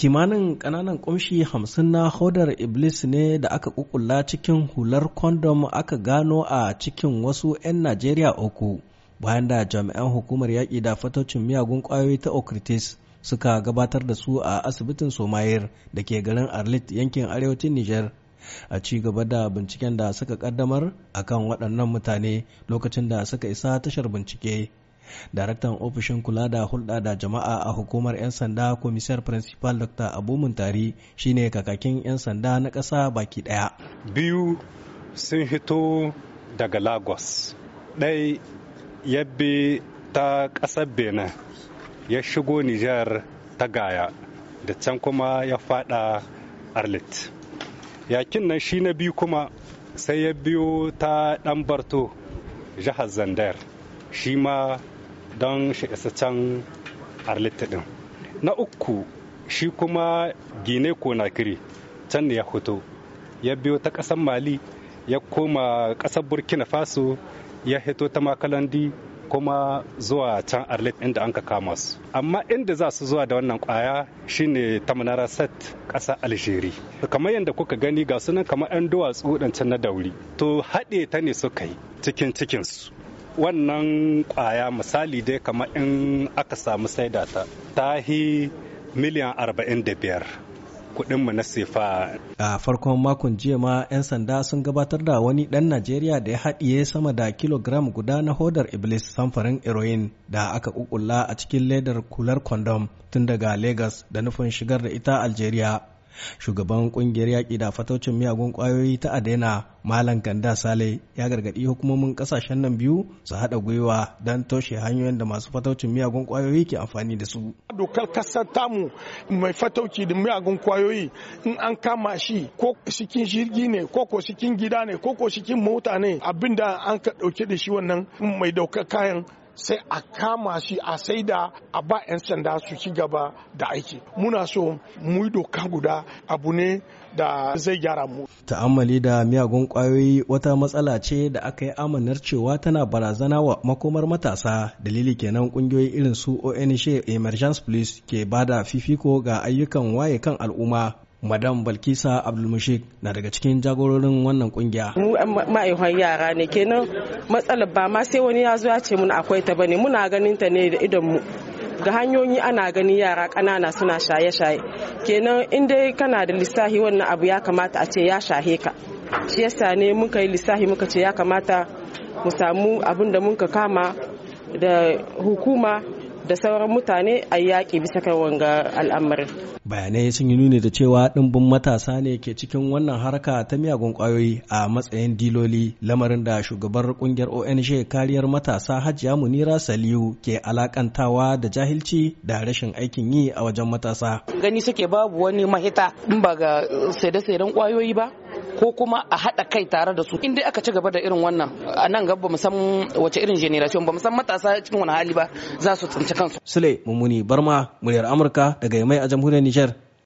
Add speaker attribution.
Speaker 1: kimanin kananan kumshi hamsin na hodar iblis ne da aka kukula cikin hular kondom aka gano a cikin wasu 'yan najeriya uku bayan da jami'an hukumar yaƙi da fatocin miyagun ƙwayoyi ta okritis suka gabatar da su a asibitin somayir da ke garin arlit yankin arewacin niger a ci gaba da binciken da suka kaddamar akan waɗannan mutane lokacin da suka isa tashar bincike daraktan ofishin kula da hulɗa da jama'a a hukumar 'yan sanda komisar principal dr abu muntari shine kakakin 'yan sanda na ƙasa baki ɗaya
Speaker 2: biyu sun hito daga lagos ɗai yabbi ta ƙasar benin ya shigo nijar ta gaya da can kuma ya fada arlit yakin nan shi na biyu kuma sai ya biyo ta ɗan barto jihar zandar shi ma don shi isa can arlita din na uku shi kuma gine konakiri can ne ya fito ya biyo ta ƙasar mali ya koma ƙasar burkina faso ya hito ta makalandi kuma zuwa can arlita inda an ka kama su amma inda za su zuwa da wannan kwaya shine ta manara set ƙasa algeri kamar yadda kuka gani ga sunan kamar 'yan duwatsu can na dauri to haɗe ta ne suka yi cikin cikinsu wannan kwaya misali dai kamar in aka samu saida ta tahi miliyan 45 kudinmu na sefa
Speaker 1: a farkon makon jiya ma 'yan sanda sun gabatar da wani dan najeriya da ya haɗiye sama da kilogram guda na hodar iblis samfarin heroin da aka kukulla a cikin ledar kular kondom tun daga Legas da nufin shigar da ita algeria shugaban kungiyar yaƙi da fataucin miyagun ƙwayoyi ta adena malam Ganda sale ya gargaɗi hukumomin ƙasashen nan biyu su haɗa gwiwa don toshe hanyoyin da masu fataucin miyagun ƙwayoyi ke amfani da su dokar kasar tamu mai fatauci da miyagun ƙwayoyi in an kama shi ko cikin jirgi ne ko ko cikin gida ne ko ko cikin mota ne abinda an ka ɗauke da shi wannan mai daukar kayan sai a kama shi a saida a ba 'yan sanda su ci gaba da aiki muna so mu doka guda abu ne da zai gyara mu ta'ammali da miyagun kwayoyi wata matsala ce da aka yi amanar cewa tana barazana wa makomar matasa dalili kenan kungiyoyi irin su ONG Emergence Police ke bada fifiko ga ayyukan waye kan al'umma Madam Balkisa Abdulmashik na daga cikin jagororin wannan kungiya.
Speaker 3: Mu ma'aikatan yara ne kenan matsalar ba ma sai wani ya zo ya ce mun akwai ta bane muna ganin ta ne da idon mu. ga hanyoyi ana ganin yara kanana suna shaye-shaye kenan in dai kana da lissahi wannan abu ya kamata a ce ya shahe ka shi yasa ne muka yi lissahi muka ce ya kamata mu samu abin da muka kama da hukuma da sauran mutane a yaƙi bisa kan wanga al'amarin.
Speaker 1: Bayanai sun yi nuni da cewa ɗimbin matasa ne ke cikin wannan harka ta miyagun ƙwayoyi a matsayin diloli lamarin da shugabar ƙungiyar ONG kariyar matasa Hajiya Munira Saliu ke alakantawa da jahilci da rashin aikin yi a wajen matasa. Gani suke babu wani mahita in ba ga saide-saiden ƙwayoyi ba ko kuma a haɗa kai tare da su in dai aka ci gaba da irin wannan a nan gaba mu san wace irin generation ba mu san matasa cikin wani hali ba za su tsinci kansu sule mumuni barma muryar amurka daga yamai a jamhuriyar nijar